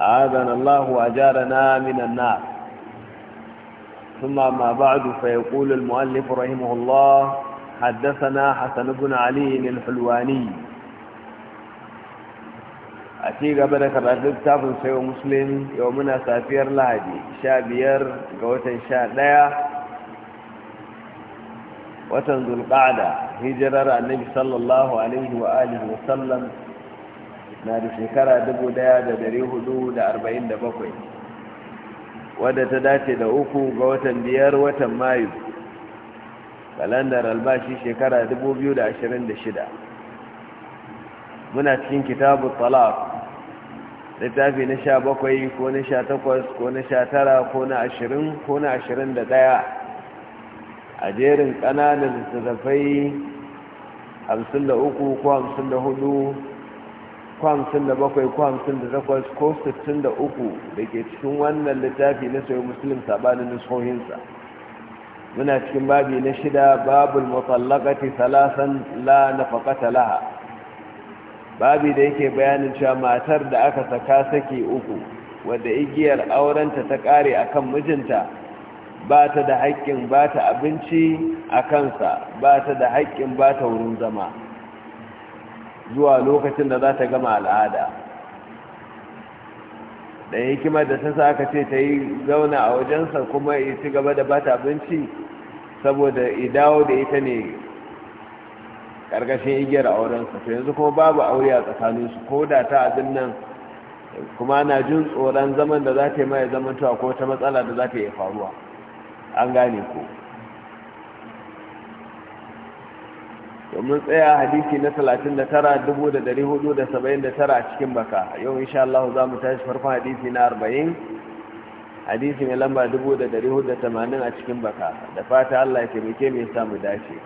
آذن الله وأجارنا من النار ثم ما بعد فيقول المؤلف رحمه الله حدثنا حسن بن علي الحلواني أتي قبل رجل تاب سيو مسلم يومنا سافير لهدي شابير قوتا شادية وتنزل القعدة هجرر النبي صلى الله عليه وآله وسلم na da shekara 1447 wadda ta dace da uku ga watan biyar watan mayu kalandar albashi shekara 2026 muna cikin kitabu talaq littafi na sha bakwai ko na sha takwas ko na sha tara ko na ashirin ko na ashirin da ɗaya a jerin ƙananan littattafai hamsin da uku ko hamsin da hudu ko hamsin da bakwai ko hamsin da takwas ko sittin da uku da ke cikin wannan littafi na sayo musulun sabanin nusohinsa muna cikin babi na shida babul mutallaqati salasan la nafaqata laha babi da yake bayanin cewa matar da aka saka saki uku wadda igiyar aurenta ta kare kan mijinta ba ta da haƙƙin ba ta abinci a kansa ba ta da haƙƙin ba ta wurin zama zuwa lokacin da za ta gama al'ada da hikimar da ta sa ce ta yi zauna a wajensa kuma ya ci gaba da bata abinci saboda idawo da ita ne ƙarƙashin igiyar aurensa to yanzu kuma babu aure a tsakaninsu ko da ta abin nan kuma na jin tsoron zaman da za ta yi mai zamantowa ko ta matsala da za ta yi faruwa an gane ko domin tsaya hadisi na 39,479 a cikin baka yau insha Allah za mu tashi farkon hadisi na 40 hadisi mai lamba 4,480 a cikin baka da fata Allah ya taimake mai samu dace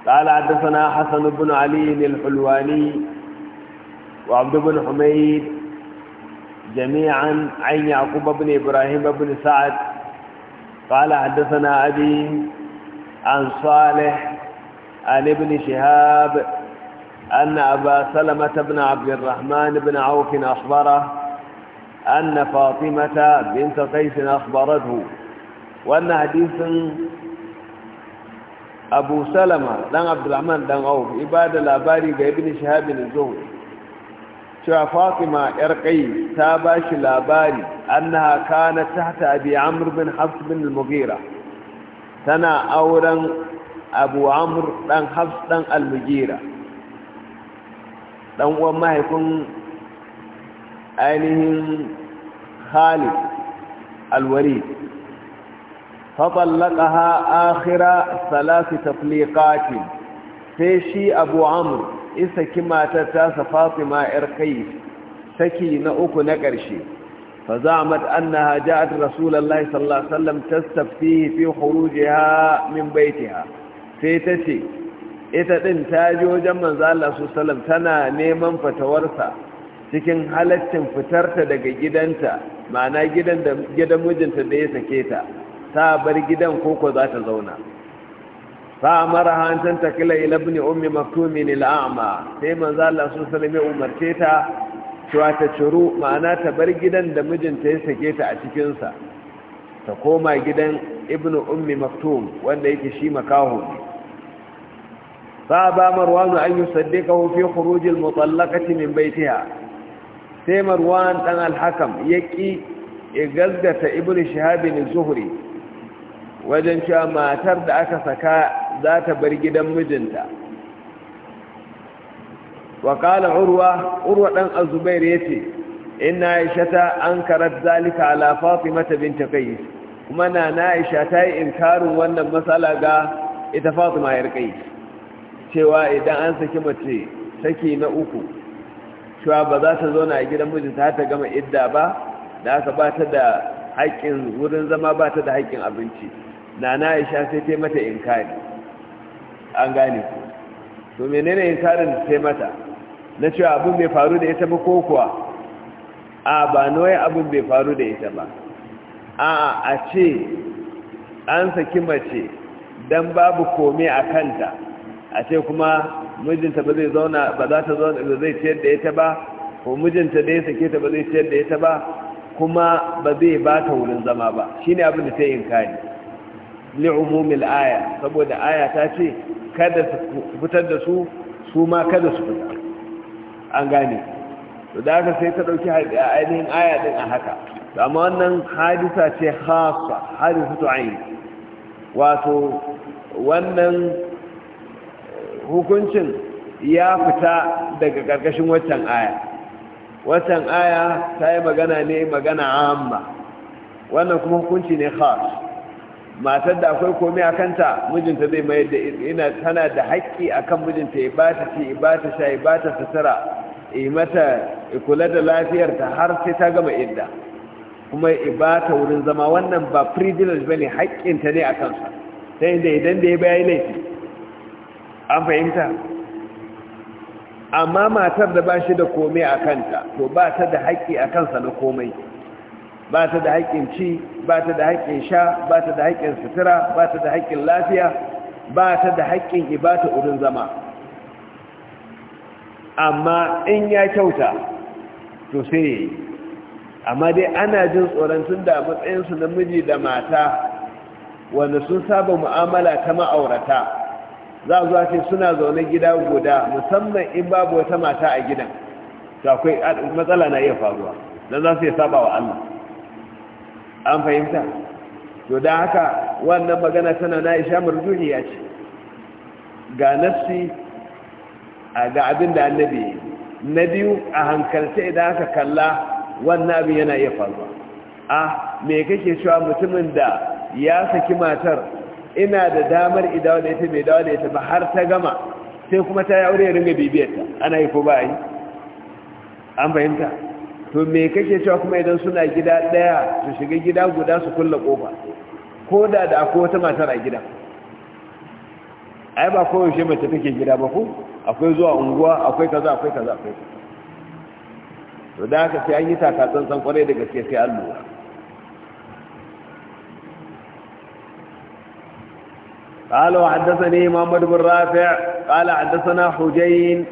قال حدثنا حسن بن علي الحلواني وعبد بن حميد جميعا عن يعقوب بن إبراهيم بن سعد قال حدثنا أبي عن صالح عن ابن شهاب أن أبا سلمة بن عبد الرحمن بن عوف أخبره أن فاطمة بنت قيس أخبرته وأن حديث أبو سلمة بن عبد الرحمن بن عوف إبادة لاباري بابن شهاب الزهري شو فاطمة إرقي تاباش لاباري أنها كانت تحت أبي عمرو بن حفص بن المغيرة tana auren abu amur ɗan hafs ɗan almugira ɗan uwan mahaifin ainihin khalid alwari ha akhira salasi Tafliqati sai shi abu amur isa ta tasa fatima 'yar kai saki na uku na ƙarshe فزعمت أنها جاءت رسول الله صلى الله عليه وسلم تستفتيه في خروجها من بيتها سيتتي إتتن تاجو جمع زال الله صلى الله عليه وسلم تنا نيما فتورسا cikin halaccin fitarta daga gidanta ma'ana gidan da gidan mijinta da ya sake ta ta bar gidan koko za ta zauna fa amara hantan takila ila ibn ummi maktumin al-a'ma sai manzo Allah sallallahu ya umarce ta cewa ta ciro ma'ana ta bar gidan da mijinta ya sake ta a cikinsa ta koma gidan ibn ummi maktum wanda yake shi makaho ne fa ba marwan an yusaddiqahu fi khuruj mutallaqati min baitiha. sai marwan dan alhakam yaƙi yaki ya gazgata ibn shihab al-zuhri wajen cewa matar da aka saka za ta bar gidan mijinta wa qala urwa urwa dan azubair yace inna aishata ankarat zalika ala fatima binti qais kuma na na aisha ta yi inkarin wannan matsala ga ita fatima yar cewa idan an saki mace saki na uku cewa ba za ta zauna a gidan mijinta ta gama idda ba da aka ba da haƙƙin wurin zama ba ta da haƙƙin abinci na aisha sai ta mata inkari an gane ku to menene inkarin sai mata na cewa abin bai faru da ita ba ko kuwa a ba nawai abin bai faru da ita ba a a ce an saki mace don babu kome a kanta a ce kuma mijinta ba zai zauna ba za ta zauna ba zai ciyar da ita ba ko mijinta da ya sake ta ba zai ciyar da ita ba kuma ba zai ba ta wurin zama ba Shi ne abin da ta yi inkari li'umumil aya saboda aya ta ce kada su fitar da su su ma kada su fitar an gane to da haka sai ta ɗauki ainihin aya din a haka amma wannan hadisa ce hasa hadisu to wato wannan eh, hukuncin ya fita daga karkashin waccan aya waccan aya ta yi magana ne magana amma wannan kuma hukunci ne khas matar da akwai komai a kanta mijinta zai mayar da ina tana da haƙƙi akan mijinta ya ba ta ci ya ba ta sha ya ba ta sutura mata kula da lafiyarta har sai ta gama idda kuma ibata wurin zama wannan ba privilege bane haƙƙinta ne a kansa ta inda idan da ya bayi laifi an fahimta amma matar da ba shi da komai a kanta to ba ta da haƙƙi a kansa na komai ba ta da haƙƙin ci ba ta da haƙƙin sha ba ta da haƙƙin sutura ba ta da haƙƙin lafiya ba ta da haƙƙin ibata wurin zama amma in ya kyauta to sai amma dai ana jin tsoron tun da matsayinsu namiji da mata wanda sun saba mu'amala ta ma'aurata za zuwa ce suna zaune gida guda musamman in babu wata mata a gidan to akwai matsala na iya faruwa don za su yi saba wa Allah an fahimta to da haka wannan magana tana na isha murjuniya ce ga nassi ga abin da annabi na biyu a hankalce idan aka kalla wannan abin yana iya faruwa a me kake cewa mutumin da ya saki matar ina da damar idawa da ita mai dawa da ita ba har ta gama sai kuma ta yi ya ringa bibiyarta ana yi ko ba yi an fahimta to me kake cewa kuma idan suna gida ɗaya su shiga gida guda su kulla ƙofa ko da da akwai wata matar a gida ai ba koyaushe mace take gida ba ko? akwai zuwa unguwa akwai kaza akwai kaza akwai kaza to da haka sai an yi takatsan san kwarai da gaske sai an lura قال وحدثني محمد بن رافع قال حدثنا حجين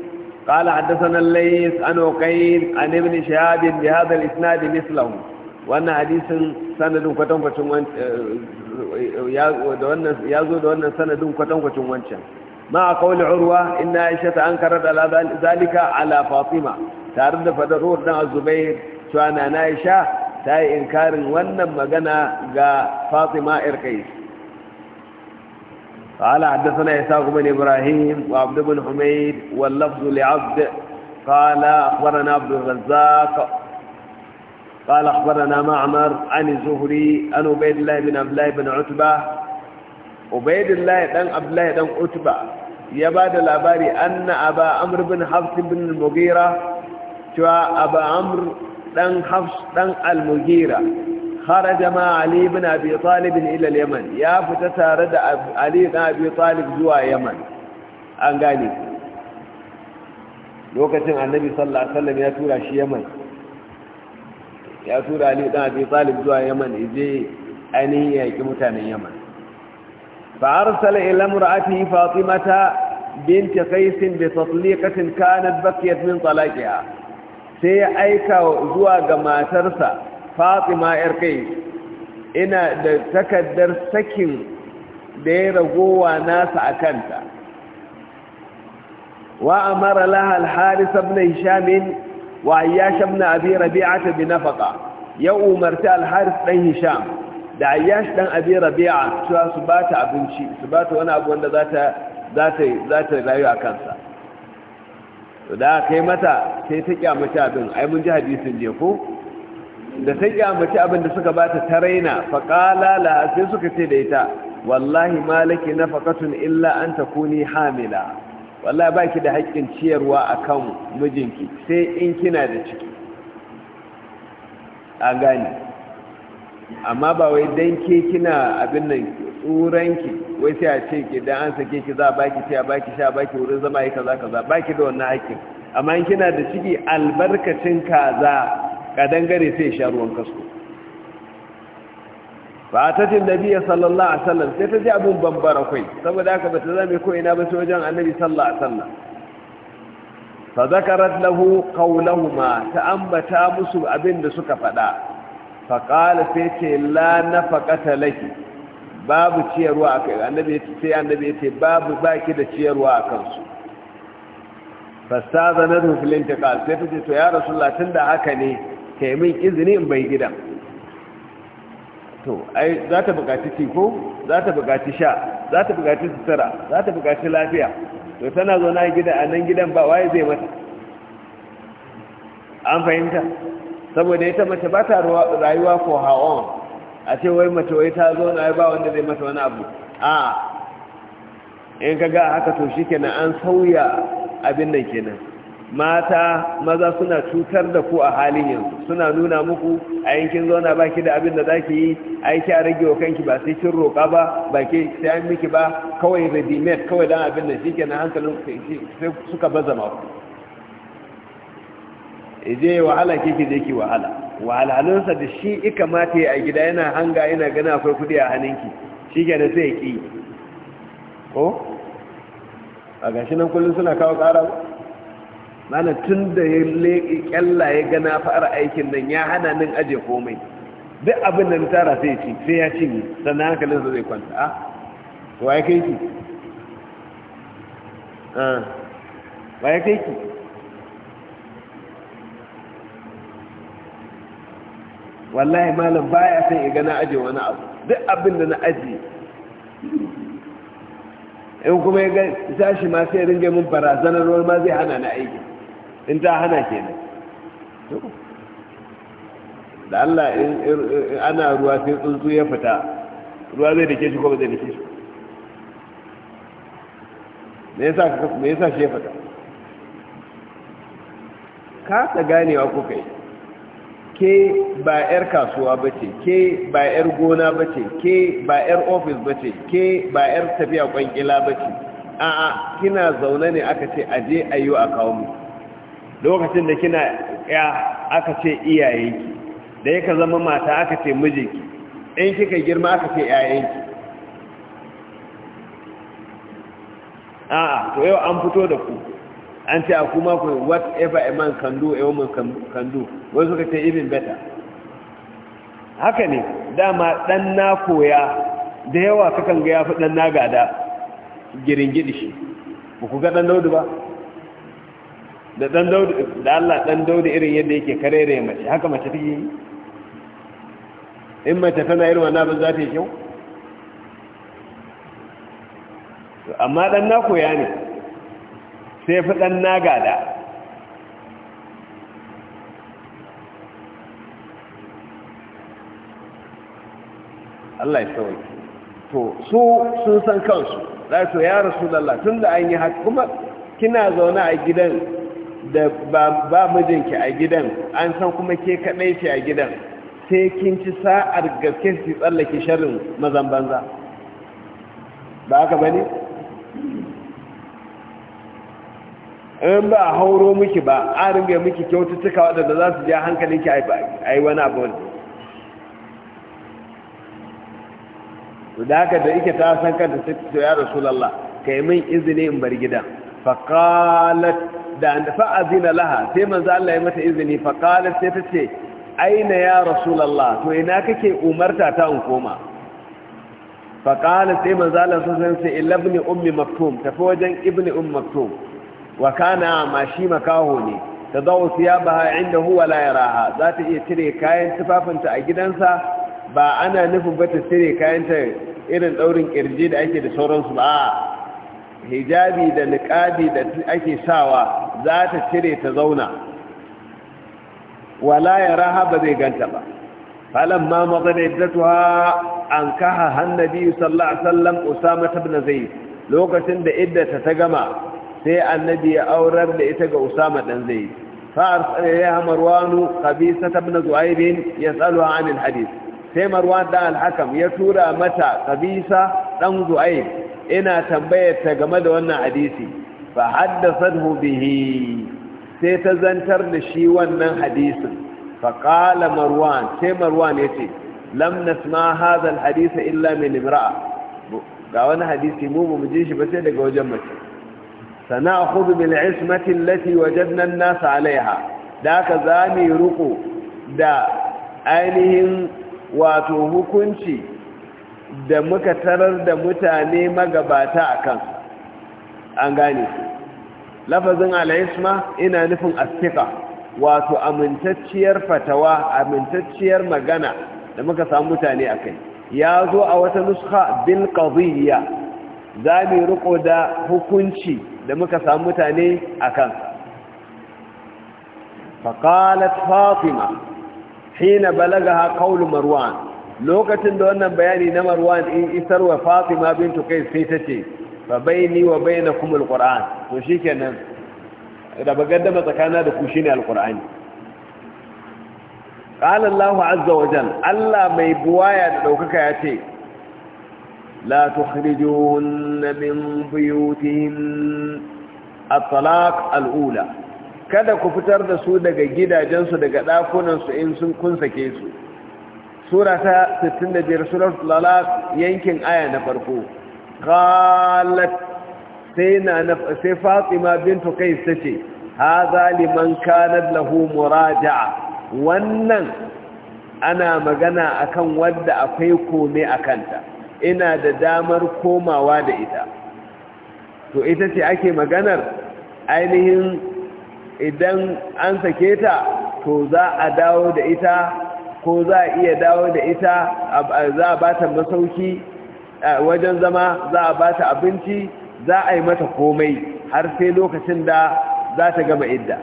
قال حدثنا الليث عن وقيل عن ابن شهاب بهذا الاسناد مثله wannan hadisin sanadin kwatankwacin wancan ya zo da wannan sanadin kwatankwacin wancan ma qawli urwa inna aisha ankarat ala zalika ala fatima tare da fadar ruwar dan zubair cewa na aisha ta yi inkarin wannan magana ga fatima ir qais قال حدثنا إساق بن إبراهيم وعبد بن حميد واللفظ لعبد قال أخبرنا عبد الرزاق قال أخبرنا معمر عن الزهري عن عبيد الله بن عبد الله بن عتبة عبيد الله بن عبد الله بن عتبة ya ba da labari anna aba amr bin hafs bin al-mughira cewa aba amr dan hafs dan al-mughira kharaja ma ali bin abi talib ila yaman ya fita tare da ali bin abi talib zuwa yaman an gane lokacin annabi sallallahu alaihi wasallam ya tura shi yaman ya tura ali bin abi talib zuwa yaman ije ainihin yaƙi mutanen yaman فأرسل إلى امرأته فاطمة بنت قيس بتطليقة كانت بكيت من طلاقها sai ya aika zuwa ga matarsa Fatsima yar kai ina da takardar sakin da ya ragowa nasa a kanta wa amara laha al-haris ibn hisham wa ayyash ibn abi rabi'ah bi nafaqa ya umarta al-haris dan hisham da ayyashi dan abi rabi'a cewa su ba ta abinci su ba ta wani abu wanda za ta za rayu a kansa da kai mata sai ta kyamaci abin ai mun ji hadisin je ko da ta kyamaci abin da suka bata ta raina faƙala la sai suka ce da ita wallahi malaki nafaqatun illa an takuni hamila wallahi ba ki da haƙƙin ciyarwa a kan mijinki sai in kina da ciki A gani. amma ba wai dan ke kina abin nan tsuranki wai sai a ce ki dan an sake ki za a baki ce a baki sha baki wurin zama yi kaza kaza baki da wannan hakkin amma in kina da ciki albarkacin kaza ka dangare sai sha ruwan kasko ba ta ce nabi sallallahu alaihi wasallam sai ta ji abun bambara kai saboda haka bata zame ko ina ba sai wajen annabi sallallahu alaihi wasallam fa zakarat lahu qawluhuma ta ambata musu abin da suka faɗa faƙala sai ce la na faƙata laki babu ciyarwa a kai annabi ya sai annabi ya ce babu baki da ciyarwa a kansu fasta zanar hufilin ta ƙal sai fice to ya rasu tun da haka ne ka min izini in bai gidan to ai za ta buƙaci ciko za ta buƙaci sha za ta buƙaci sutura za ta buƙaci lafiya to tana zo na gida a nan gidan ba waye zai mata an fahimta saboda ita mace ba ta rayuwa for her own a ce wai mace wai ta zo na ba wanda zai mata wani abu a in ka ga haka to shi kenan an sauya abin nan kenan mata maza suna cutar da ku a halin yanzu suna nuna muku a yankin zauna ba ki da abin da za ki yi aiki a rage wa kanki ba sai kin roƙa ba ba ke sai an miki ba kawai ready kawai dan abin da shi kenan hankalin suka baza maku je wahala ke ke je ki wahala sa da shi ika mata a gida yana hanga yana gana akwai kudi a ki, shi ke da sai ki ko a gashi nan kullum suna kawo ba? mana tun da ya leƙi ƙyalla ya gana fara aikin nan ya hana nan aje komai duk abin nan tara sai ci sai ya ci sannan hankalinsa zai kwanta a ah, wa ya kai ki ah, wa ya kai ki wallahi malam baya san iga na aje wani abu duk abin da na aje in kuma ya tashi ma sai ringe mun barazanar ruwan ma zai hana na aiki in ta hana kenan da Allah in ana ruwa sai tsuntsu ya fita ruwa zai dake shi ko ba zai dake shi me yasa me yasa shi ya fita ka ta ganewa ko kai ke ba 'yar kasuwa ba ce ke ba 'yar gona ba ce ke ba 'yar ofis ba ce ke ba 'yar tafiya kwangila ba ce a'a kina zaune ne aka ce aje ayyo a kawo mu lokacin da kina ya aka ce iyayenki da yaka zama mata aka ce mijinki in kika girma aka ce yayanki a'a to yau an fito da ku an ce a kuma ku whatever a man can do a woman can do wai suka ce even better haka ne dama dan na koya da yawa kakan ga ya fi dan na gada giringidi shi ba ku ga dan daudu ba da dan daudu da Allah dan daudu irin yadda yake karere mace haka mace take yi in mace tana irin wannan abin za ta yi kyau amma dan na koya ne sai fi ɗan nagada Allah ya sauki to su sun san kansu za su ya rasu tun da an yi haka kuma kina zaune a gidan da ba mijinki a gidan an san kuma ke kaɗai ce a gidan sai kin ci sa'ar gaske su tsallake shirin mazan banza ba haka ba ne? in ba a hauro miki ba a ringa miki kyaututtuka waɗanda za su ja hankalinki a yi wani abu da haka da ike ta san kanta su to ya ka kai min izini in bar gidan faƙalat da an a zina laha sai manzo Allah ya mata izini faƙalat sai ta ce aina ya rasulullah to ina kake umarta ta in koma faƙalat sai manzo Allah san sai ilabni ummi maktum tafi wajen ibni ummi maktum wa kana ma shi makaho ne ta zawo siyabaha inda huwa layaraha, za ta iya cire kayan tufafinta a gidansa ba ana nufin ba ta cire kayanta irin daurin kirji da ake da sauransu ba hijabi da niqabi da ake sawa za ta cire ta zauna Walayaraha yaraha ba zai ganta ba falamma madana iddatuha ankaha annabi sallallahu alaihi wasallam usama ibn zaid lokacin da iddata ta gama sai annabi ya aurar da ita ga usama dan zai fa'arsal ya marwanu qabisa ibn zu'aib yas'aluha 'an al-hadith sai marwan da al-hakam ya tura mata qabisa dan zu'aib ina tambayar ta game da wannan hadisi fa haddathathu bihi sai ta zantar da shi wannan hadisin fa qala marwan sai marwan yace lam nasma hadha al-hadith illa min imra'a ga wani hadisi mu mu ji shi ba sai daga wajen mace sana'khudhu bil ismati allati wajadna an-nas 'alayha da haka zamu ruku da ainihin wato hukunci da muka tarar da mutane magabata akan an gane lafazin al-isma ina nufin astiqa wato amintacciyar fatawa amintacciyar magana da muka samu mutane akai ya zo a wata nuskha bil qadiyya zamu ruko da hukunci da muka samu mutane a kan faƙalat fatima hina ha qaul marwan lokacin da wannan bayani na marwan in isarwa fatima bintu kai sai ta ce fa baini wa bainakum alquran to shikenan da bagaddama tsakana da ku shi ne qala allah azza allah mai buwaya da ya ce. لا تخرجوهن من بيوتهن الطلاق الأولى kada ku fitar da su daga gidajensu daga ɗakunansu in sun kun sake su sura ta 65 surar talaq yankin aya na farko qalat sai na sai bintu qais tace hadha liman kana lahu muraja'a wannan ana magana akan wanda akwai kome kanta. ina da damar komawa da ita to ita ce ake maganar ainihin idan an sake ta to za a dawo da ita ko za a iya dawo da ita za a ba ta masauki wajen zama za a ba ta abinci za a yi mata komai har sai lokacin da za ta gama idda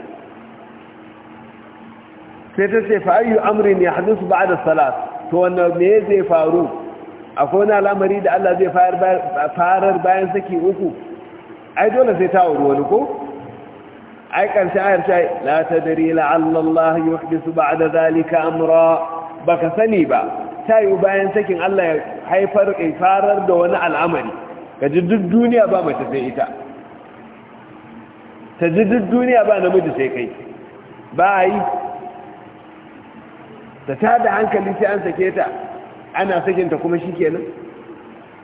sai ta ce fa'ayyu amrin ya hadisu ba da salat to wannan me zai faru akwai wani al'amari da Allah zai farar bayan saki uku ai dole sai ta wuri wani ko ai karshe ayar ta la tadri la'alla Allah yuhdisu ba'da zalika amra ka sani ba ta yi bayan sakin Allah ya haifar kai farar da wani al'amari ka ji duk duniya ba mace sai ita ta ji duk duniya ba namiji sai kai ba yi ta da hankali sai an sake ta ana sakin ta kuma shi kenan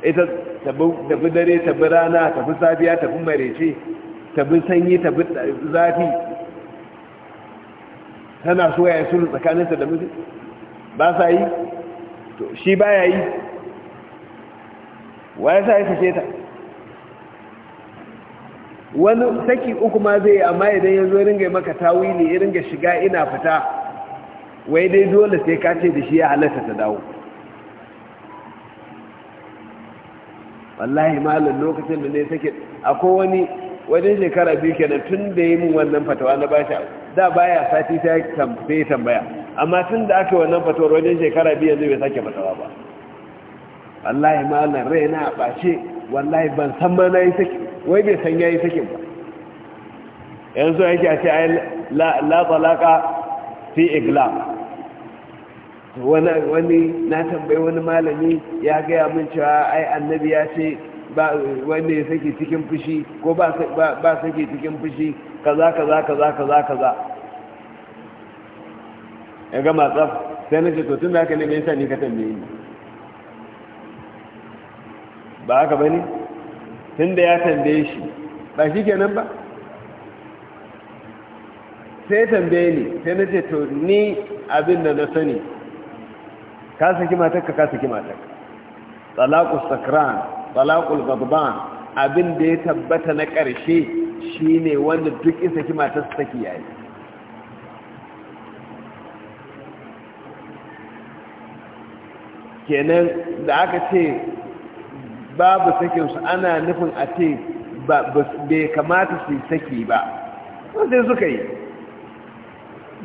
ita tabi dare tabi rana tabi safiya tabi marece tabi sanyi tabi zafi tana so ya yi sulu tsakaninsa da mutu ba sa yi to shi ba ya yi wa ya sa ya sake ta wani saki uku ma zai yi amma idan ya zo ringa maka tawili ya ringa shiga ina fita wai dai dole sai ka ce da shi ya halatta ta dawo wallahi malam lokacin da ne take akwai wani wajen shekara biyu kenan tun da yi min wannan fatawa na bashi da baya sati ta tambaye tambaya amma tun da aka wannan fatawar wajen shekara biyu yanzu bai sake fatawa ba wallahi malam raina na ɓace wallahi ban san ma na yi sake wai bai san ya yi sake ba yanzu yake a ce ai la talaka fi iglam wani na tambayi wani malami ya gaya min cewa ai annabi ya ce ba wanda ya sake cikin fushi ko ba sake cikin fushi kaza kaza kaza kaza kaza ya gama tsaf sai na ce to tun da haka ne mai sa ni ka tambaye ni ba haka ba ne tun da ya tambaye shi ba shi kenan ba sai tambaye ni sai na ce to ni abin da na sani ka saki ka saki matarka talaqus sakran talaqul ghadban abin da ya tabbata na ƙarshe shine wanda duk in saki matar saki yayi kenan da aka ce babu sakin su ana nufin a ce bai kamata su saki ba sai suka yi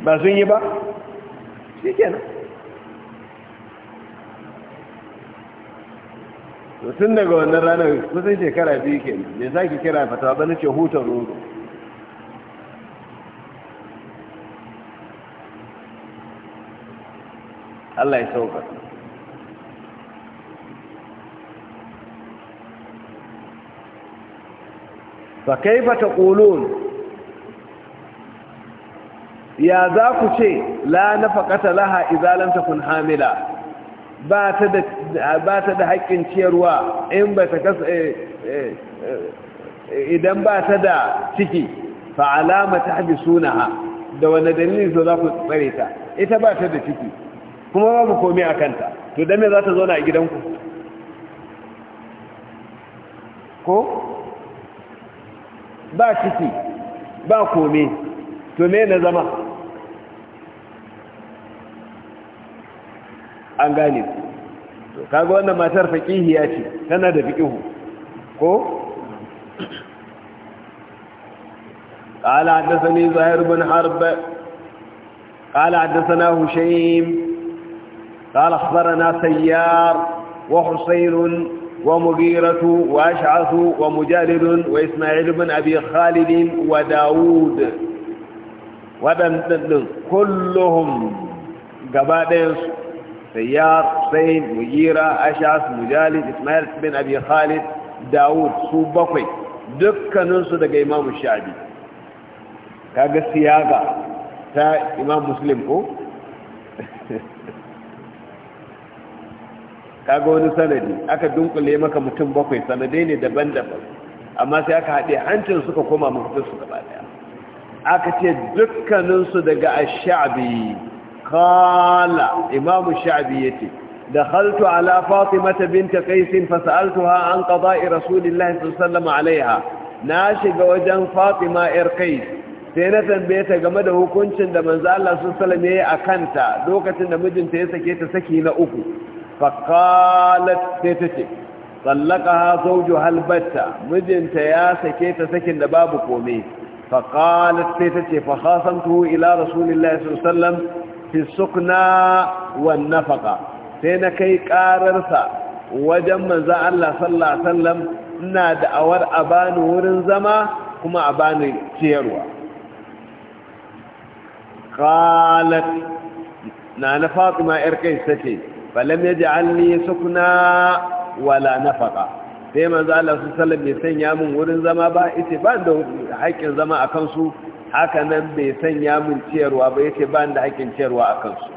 ba sun yi ba shi kenan to tun daga wannan ranar kusan shekara biyu ke ne za ki kira fata ba ce hutun roro Allah ya sauka fa ta ƙolon. ya za ku ce la nafaqata laha izalanta kun takun hamila ba ta da haƙƙin ciyarwa in ba ta kasa eh, eh, eh, idan ba ta da ciki fa alama ta haɗi sunaha da wane dalilin so za ku tsare ta ita ba ta da ciki kuma ba ku komi a kanta to don me za ta zauna a gidanku ko ba ciki ba komi to me na zama an gane ku to kaga wannan matar faqihiya ce tana da fiqihu ko قال حدثني زهير بن حرب قال حدثنا هشيم قال اخبرنا سيار وحسين ومغيرة وأشعث ومجالد وإسماعيل بن أبي خالد وداود ودن كلهم قبادين سيار حسين مجيرة أشعث مجالد إسماعيل بن أبي خالد داود سوبقي دكا ننسو دقى إمام الشعبي كاقى السياقة تا إمام مسلم كو kaga wani sanadi aka dunkule maka mutum bakwai sanadai ne daban-daban amma sai aka haɗe hancin suka koma mafitarsu gaba daya aka ce dukkaninsu daga ashabi kala imamu sha'abi ya da haltu ala fatimata binta kaisin fasa'altuha an qada'i rasulillahi sallallahu alaiha na shiga wajen fatima yar kai sai na tambaye ta game da hukuncin da manzo Allah sallallahu alaihi wasallam kanta lokacin da mijinta ya sake ta saki na uku faqalat sai ta ce mijinta ya sake ta sakin da babu komai فقالت تتتي فخاصمته إلى رسول الله صلى الله عليه وسلم fi sukna wa nafaka sai na kai ƙararsa wajen manzan Allah sallallahu Alaihi wasallam ina da'awar a bani wurin zama kuma a bani ciyarwa qalat na na fatima yar kai sace falam yaj'alni sukna wala nafaka sai manzo Allah sallallahu alaihi wasallam ya sanya min wurin zama ba ita ba da haƙƙin zama akan su haka nan bai sanya min ciyarwa ba yace ba da hakin ciyarwa a kansu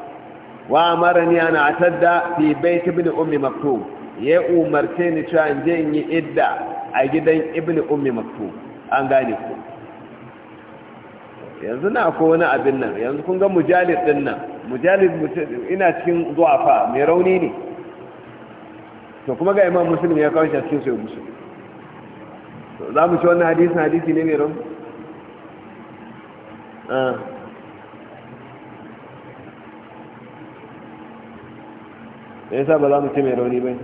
wa ni ana atadda fi bait ibn ummi maktub ya umarce ni cewa in je in yi idda a gidan ibn ummi maktub an gane ku yanzu na ko wani abin nan yanzu kun ga mujalid din nan mujalid ina cikin zuwafa mai rauni ne to kuma ga imam muslim ya kawo shi cikin sai muslim za mu ci wannan hadisin hadisi ne mai rauni ne yasa ba za mu ce mai rauni bai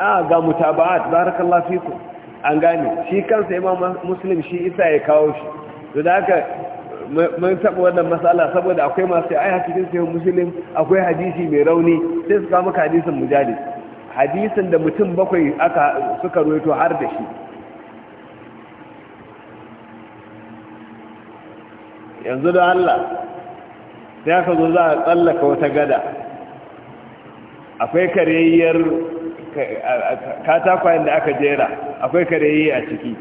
a ga mutaba'at barakallahu lafiku an gane shi kansa ma musulun shi isa ya kawo shi to da haka mun saba wannan matsala saboda akwai masu ai hadisin sai musulun akwai hadisi mai rauni sai su kama maka hadisin mujadid hadisin da mutum bakwai aka suka roito har da shi yanzu da Allah sai aka zo za a tsallaka wata gada akwai kareyyar katakwayen da aka jera akwai kareyyi a ciki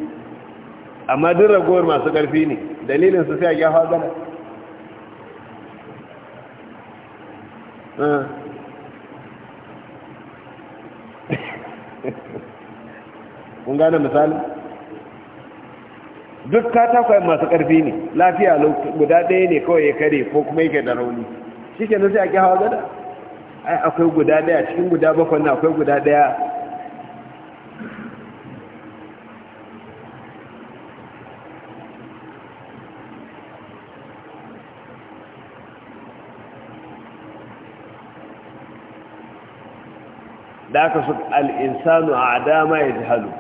amma duk ragowar masu ƙarfi ne dalilin su sai a gyafa gada ah. kun gane misali duk katakwayen masu ƙarfi ne lafiya guda ɗaya ne kawai ya kare ko kuma yake da rauni shi ke sai a hawa gada ai akwai guda ɗaya cikin guda bakwai na akwai guda ɗaya da aka su al'insanu a adama ya ji halu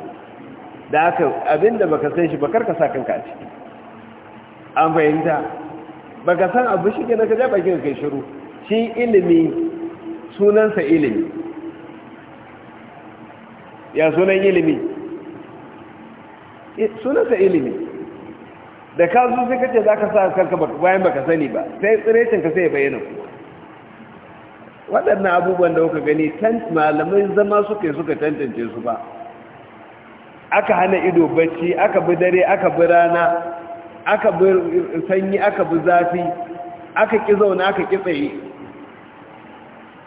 da aka abinda baka san shi bakar ka sa kanka a ciki an fahimta baka san abu shi kenan ka ja bakin kai shiru shi ilimi sunansa ilimi ya sunan ilimi sunansa ilimi da ka zo sai kace zaka sa kanka bayan baka sani ba sai tsirecin ka sai bayyana kuma waɗannan abubuwan da kuka gani malamai zama suka yi suka tantance su ba aka hana ido bacci aka bi dare aka bi rana aka bi sanyi aka bi zafi aka ƙi zaune aka ƙi tsaye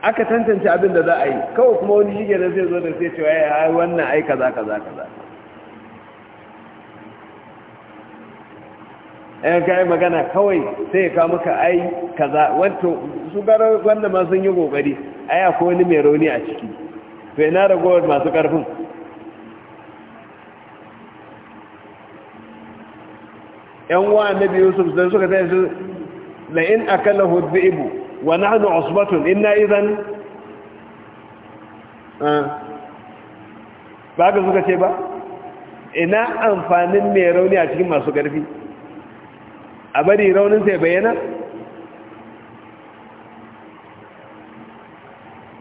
aka tantance abin da za a yi kawai kuma wani shi gina zai zo da sai cewa ya yi wannan ai kaza kaza kaza ɗan eh, kayi magana kawai sai ya kawo maka ai kaza wato su gara wanda ma sun yi ƙoƙari ai akwai wani mai rauni a ciki to ina ragowar masu ƙarfin yan wa annabi yusuf dan suka taya su la in a akalahu dhi'bu wa na nahnu usbatun inna izan ba ka suka ce ba ina amfanin mai rauni a cikin masu ƙarfi a bari raunin sai bayyana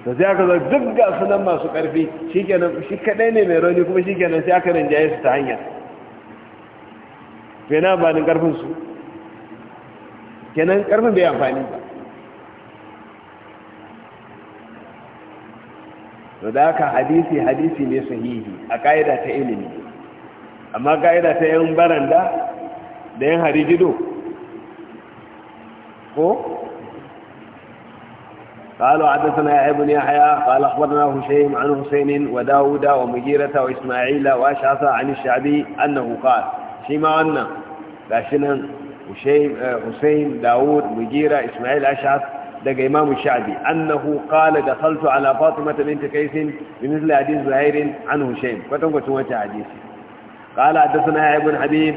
da sai aka zai duk ga sunan masu ƙarfi shi kaɗai ne mai rauni kuma shi kenan sai aka rinjaye su ta hanyar fena ba ni karfin su kenan karfin bai amfani ba to da haka hadisi hadisi ne sahihi a ka'ida ta ilimi amma ka'ida ta yan baranda da yan harijido ko قالوا عدثنا يا ابن يحيى قال أخبرنا هشيم عن حسين وداود ومجيرة وإسماعيل وأشعث عن الشعبي أنه قال شما أنه لكن آه، حسين داوود مجيرة إسماعيل أشعث دقى إمام الشعبي أنه قال دخلت على فاطمة بنت كيس بمثل عديث زهير عن حسين فتنك سواتي عديث قال عدسنا ابن حبيب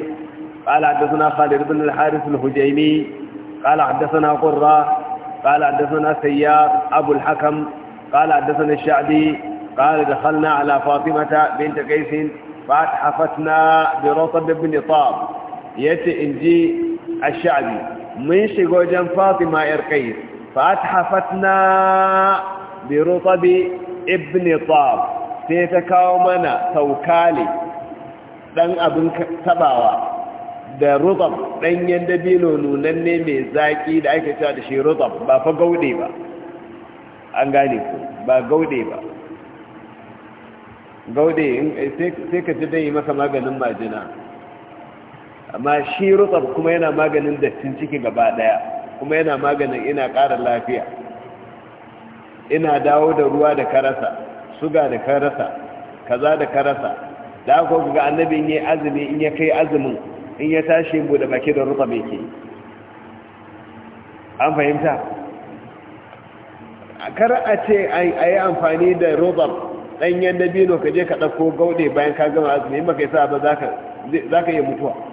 قال حدثنا خالد بن الحارث الهجيمي قال حدثنا قرى قال حدثنا سيار أبو الحكم قال حدثنا الشعبي قال دخلنا على فاطمة بنت كيس فاتحفتنا برطب بن طاب yace in ji a shabi mun shiga wajen fatima yar fa athafatna bi biro ibn tab sai ta kawo mana saukali ɗan abin tabawa da rutab ɗanyen dabino nunanne mai zaƙi da ake cewa da shi rutab ba fa gaude ba an gane ku ba gaude ba gaude sai ka ji dai maka maganin majina amma shi rutsar kuma yana maganin dattin ciki gaba daya kuma yana maganin ina ƙara lafiya ina dawo da ruwa da karasa suga da karasa kaza da karasa da aka kuka annabi in yi azumi in ya kai azumin in ya tashi buɗe baki da rutsaf yake an fahimta kar a ce a yi amfani da rutsar ɗanyen dabino ka je ka ɗauko gauɗe bayan ka gama azumi in ba ka yi sa ba za ka yi mutuwa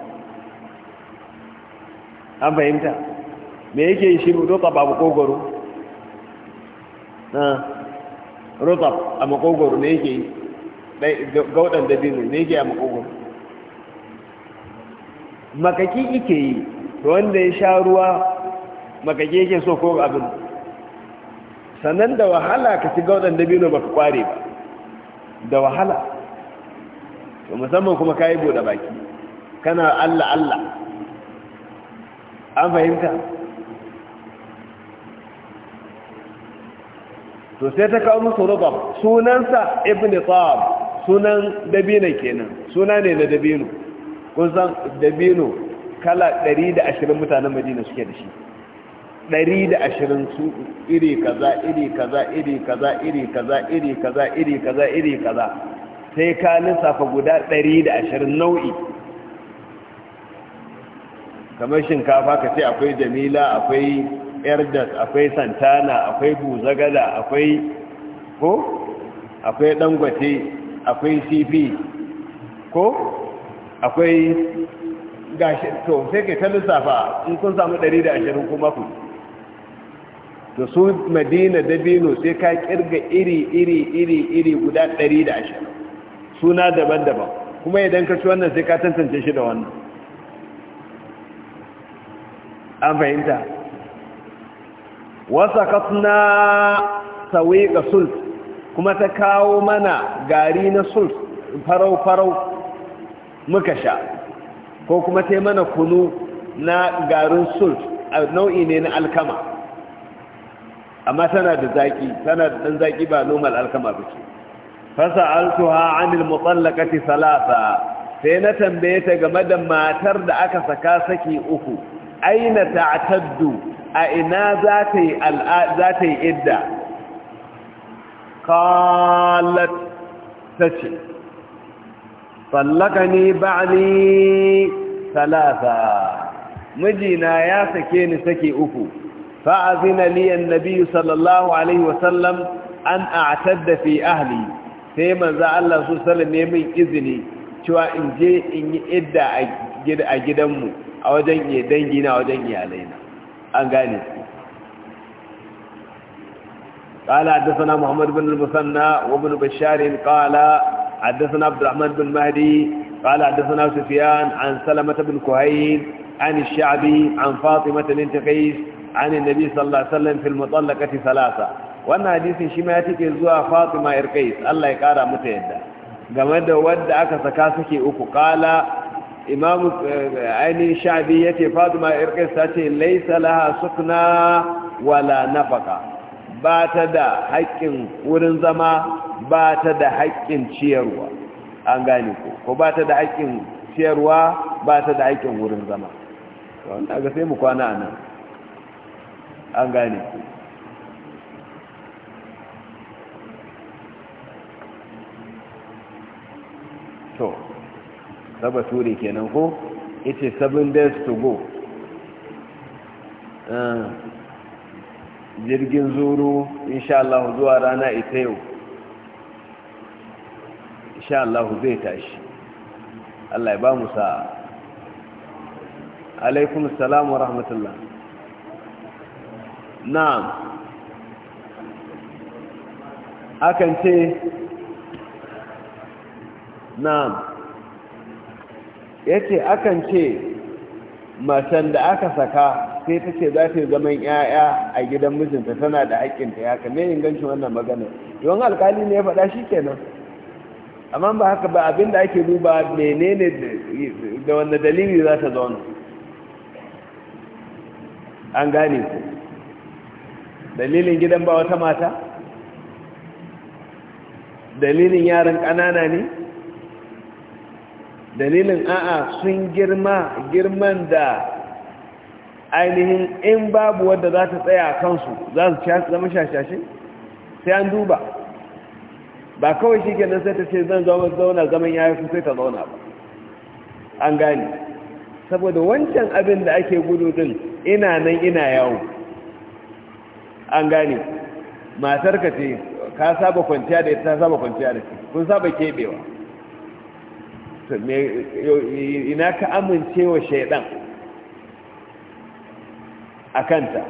an fahimta me yake yi shi rotsaf a makogoro na ah. rotsaf a makogoro ne yake yi gaudan dabino ne yake a makogoro makaki ike yi wanda ya sha ruwa makaki yake so ko abin sannan da wahala ka ci gaudan dabino ba ka kware ba da wahala musamman kuma ka yi bude baki kana allah allah an fahimta to sai ta kawo musu rubab sunansa ibn tsab sunan dabino kenan suna ne na dabino kun san dabino kala 120 mutanen madina suke da shi 120 su iri kaza iri kaza iri kaza iri kaza iri kaza iri kaza iri kaza sai ka lissafa guda 120 nau'i kamar shinkafa ka ce akwai jamila akwai erdas akwai santana akwai buzagada akwai ko akwai dangote akwai cp ko akwai gashi to sai ka ta lissafa in kun samu 120 kuma ku to su madina dabino sai ka kirga iri iri iri iri guda 120 suna daban-daban kuma idan ka ci wannan sai ka tantance shi da wannan an fahimta wasa kasna sauye ga sult kuma ta kawo mana gari na sult farau-farau muka sha ko kuma ta mana kunu na garin a nau'i ne na alkama amma tana da zaki tana da ɗan zaki ba normal alkama ba ce fasa altuha anil mutallakati salasa sai na tambaye ta game da matar da aka saka saki uku أين تعتد أين ذاتي, ذاتي إدى قالت تشي طلقني بعني ثلاثة مجينا يا سكين سكي أفو فأذن لي النبي صلى الله عليه وسلم أن أعتد في أهلي فيما ذا الله صلى الله عليه وسلم يمي إذني شوى إنجي إني إدى a gidanmu a wajen iya dangi na wajen iyalai na an gane su قال حدثنا محمد بن المثنى وابن بشار قال حدثنا عبد الرحمن بن مهدي قال حدثنا سفيان عن سلمة بن كهيل عن an عن فاطمة بنت قيس عن النبي صلى الله عليه وسلم wannan hadisin shi ma ya take zuwa Fatima Irkais Allah ya kara mata yadda game da wanda aka saka suke uku kala imamu eh, ainihin sha'abi ya ce fatima irkis ta ce laisa laha sukna wala nafaka ba ta da haƙƙin wurin zama ba ta da haƙƙin ciyarwa an gane ko ko ba ta da haƙƙin ciyarwa ba ta da haƙƙin wurin zama wanda ga sai mu kwana a nan an gane ku to saba ture kenan ko ita seven days to go eh, jirgin zuru insha Allah zuwa rana ita yau insha Allah zai tashi Allah ya ba mu sa'a alaikum salam wa rahmatullah na'am akan ce na'am ya ce akan ce matan da aka saka sai ta ce za ta zaman yaya a gidan mijinta tana da haƙƙinta ya kame ingancin wannan magana don alkali ne ya faɗa shi kenan amma ba haka ba abinda ake duba menene da wanda dalili za ta zauna an gane su dalilin gidan ba wata mata dalilin yaran ƙanana ne dalilin a'a sun girma girman da ainihin in babu wadda za ta tsaya a kansu za su zama shashashe sai an duba ba kawai shi ke nan sai ta ce zan zauna zaman ya fi sai ta zauna ba an gani saboda wancan abin da ake gudu din ina nan ina yawo an gani matar ka ce ka saba kwanciya da ita ta saba kwanciya da ke kun saba kebewa ina ka amincewa shaidan a kanta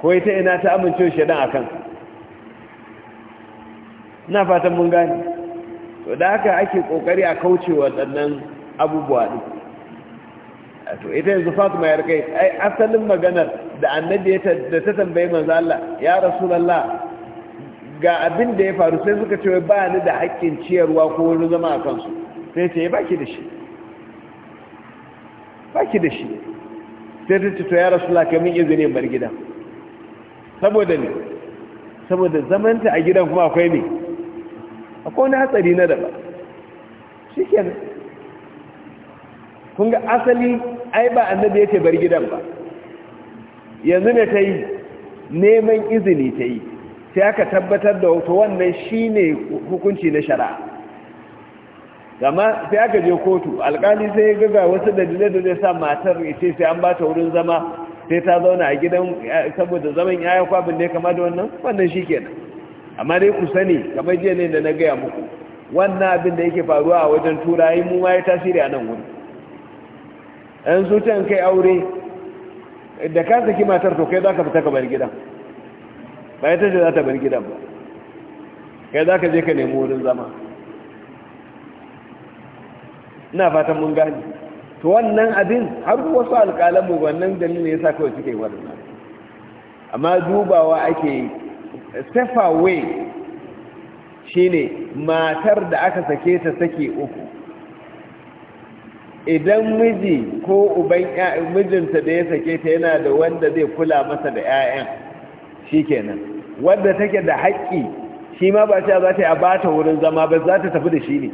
ko ita ina ta amincewa shaidan a kanta na fatan mun gani to da haka ake kokari a kaucewa waɗannan abubuwa ne, to ita yanzu fatima ya rikai ai asalin maganar da annabi da ta tambayi manzo Allah ya rasulullah ga abin da ya faru sai suka ce ba ni da haƙƙin ciyarwa ko wani zama a kansu sai ce yi eh, baki da shi baki da shi sai ta ce to ya rasu laka min izini bar gida saboda ne saboda zamanta a gidan kuma akwai ne akwai wani hatsari na daba shi ke kun ga asali ai ba annabi ya ce bar gidan ba yanzu ne ta yi neman izini ta yi sai aka tabbatar da wato wannan shine hukunci na shari'a gama sai aka je kotu alkali sai ya gaga wasu dalilai da zai sa matar ce sai an bata wurin zama sai ta zauna a gidan saboda zaman yaya kwabin ne kama da wannan wannan shi kenan amma dai ku sani kamar jiya ne da na gaya muku wannan abin da yake faruwa a wajen turayi mu ma ya tasiri a nan wuri yanzu can kai aure da ka saki matar to kai za ka fita ka bar gidan ba ita ce za ta bar gidan ba kai za ka je ka nemi wurin zama ina fatan mun gani to wannan abin har wasu alƙalan mu wannan dalilin yasa kawai suke wannan amma dubawa ake step away shine matar da aka sake ta sake uku idan miji ko uban mijinta da ya sake ta yana da wanda zai kula masa da 'ya'yan shi kenan wadda take da haƙƙi shi ma ba cewa za ta yi a bata wurin zama ba za ta tafi da shi ne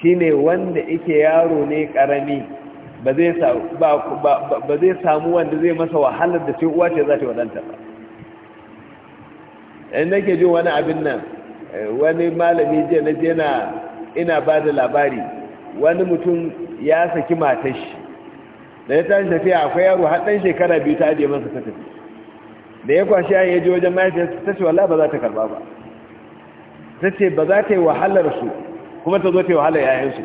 shi ne wanda ike yaro ne ƙarami ba zai samu wanda zai masa wahalar da ce uwa ce za ta waɗanta ba in nake jin wani abin nan wani malami je na je na ina ba da labari wani mutum ya saki matashi da ya tashi tafiya akwai yaro haɗin shekara biyu ta ajiye masa ta tafi da ya kwashi ya je wajen mahaifiyar ta ce wallahi ba za ta karba ba ta ce ba za ta yi wahalar su kuma ta zo ta yi wahalar yayansu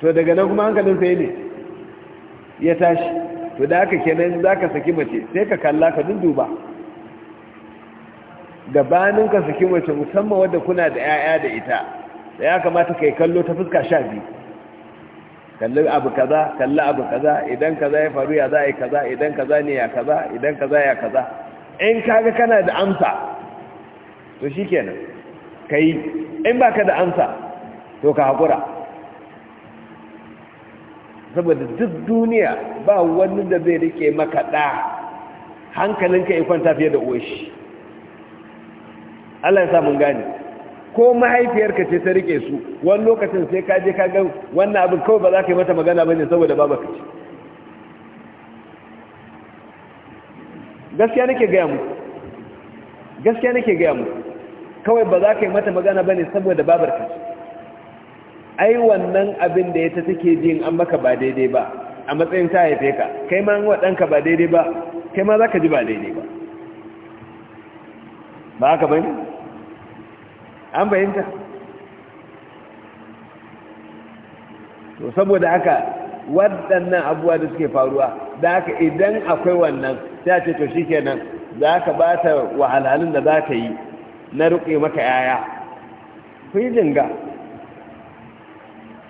to daga nan kuma hankalin sai ne ya tashi to da aka kenan za ka saki mace sai ka kalla ka dunduba gabanin ka saki mace musamman wadda kuna da 'ya'ya da ita da ya kamata ka yi kallo ta fuska sha biyu kalli abu kaza kalli abu kaza idan kaza ya faru ya za a yi kaza idan kaza ne ya kaza idan kaza ya kaza in kaga kana da amsa to shi kenan ka yi in ba da amsa to ka haƙura saboda duk duniya ba wani da zai rike maka ɗa hankalinka ya kwanta fiye da uwa shi Allah ya samun gane. ko mahaifiyarka ce ta rike su wani lokacin sai ka je ka ga wannan abin kawai ba za ka yi mata magana ba ne saboda ba baka ce gaskiya nake gaya mu gaskiya nake gaya mu kawai ba za ka yi mata magana ba ne saboda ka ce ai wannan abin da ya ta take jin an maka ba daidai ba a matsayin ta haife ka kai ma wa danka ba daidai ba kai ma za ka ji ba daidai ba ba haka bane an bayanta to saboda haka waɗannan abubuwa da suke faruwa da haka idan akwai wannan sai a ce to shi kenan za ka ba ta wahalhalun da za ka yi na ruƙe maka yaya ku yi jinga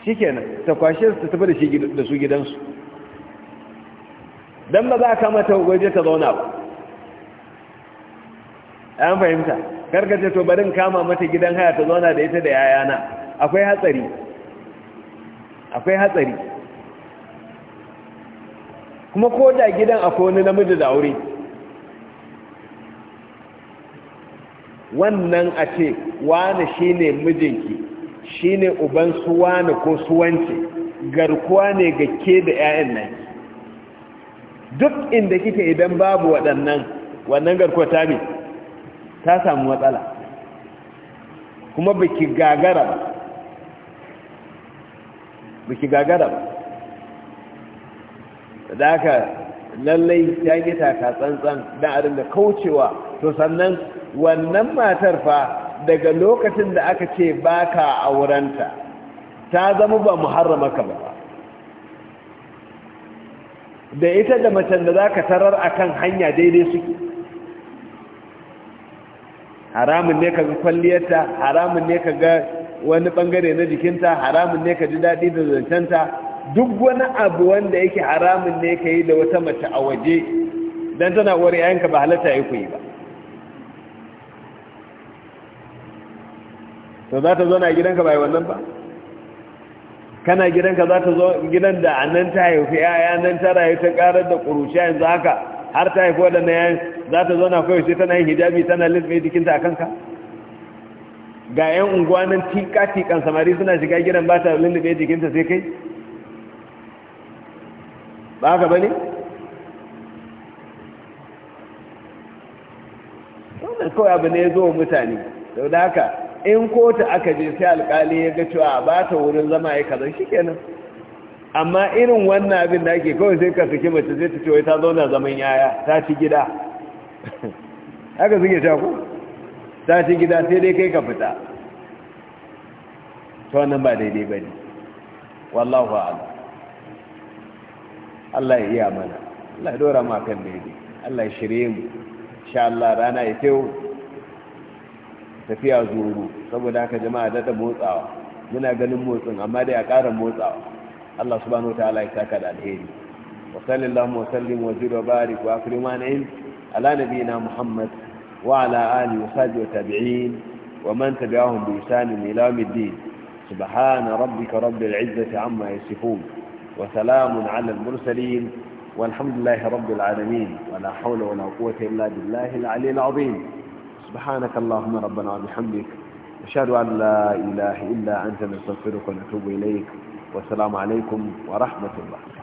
shi kenan ta kwashe su tafi da su gidansu don ba za ka mata waje ta zauna ba an fahimta karka ce to barin kama mata gidan haya ta zauna da ita da yayana akwai hatsari akwai hatsari kuma ko da gidan akwai wani namiji da aure wannan a ce wani shine mijinki shine uban suwani ko suwanci garkuwa ne ga ke da 'ya'yan nan duk inda kike idan babu waɗannan wannan garkuwa ta ne ta samu matsala kuma baki gagara ba baki gagara ba da aka lallai ta yi taka tsantsan da arin da kaucewa to sannan wannan matar fa daga lokacin da aka ce baka a aurenta ta zama ba muharramaka ba da ita da macen da za ka tarar kan hanya daidai suke haramun ne ka ga kwalliyarta haramun ne ka ga wani bangare na jikinta haramun ne ka ji daɗi da zancenta duk wani abu wanda yake haramun ne ka yi da wata mace a waje don tana wari yayanka ba halatta ya ku yi ba to za ta zo na gidanka ba yi wannan ba kana gidanka za ta zo gidan da a nan ta haifi yaya nan ta rayu ta karar da ƙuruciya yanzu haka har ta haifi waɗannan yayan za ta zauna kawai sai tana yin hijabi tana lisbe jikinta a kanka ga 'yan unguwa nan tika-tikan samari suna shiga gidan ba ta lullube jikinta sai kai ba ka ba ne? wannan kawai abu ne ya zo mutane sau da haka in kota aka je sai alkali ya ga cewa ba ta wurin zama ya kazan shi kenan amma irin wannan abin da ake kawai sai ka saki mace zai ta ce wai ta zauna zaman yaya ta ci gida haka suke sha ku tashi gida sai dai kai ka fita ta wannan ba daidai ba ne wallahu ala Allah ya iya mana Allah ya dora ma kan daidai Allah ya shirye mu sha Allah rana ya tewo tafiya zuru saboda haka jama'a daɗa motsawa muna ganin motsin amma da ya ƙara motsawa Allah subhanahu wa ta'ala ya saka da alheri wa sallallahu wa sallim wa jiro barik wa yin. على نبينا محمد وعلى آله وصحبه وتابعين ومن تبعهم بإحسان إلى يوم الدين سبحان ربك رب العزة عما يصفون وسلام على المرسلين والحمد لله رب العالمين ولا حول ولا قوة إلا بالله العلي العظيم سبحانك اللهم ربنا وبحمدك أشهد أن لا إله إلا أنت نستغفرك ونتوب إليك والسلام عليكم ورحمة الله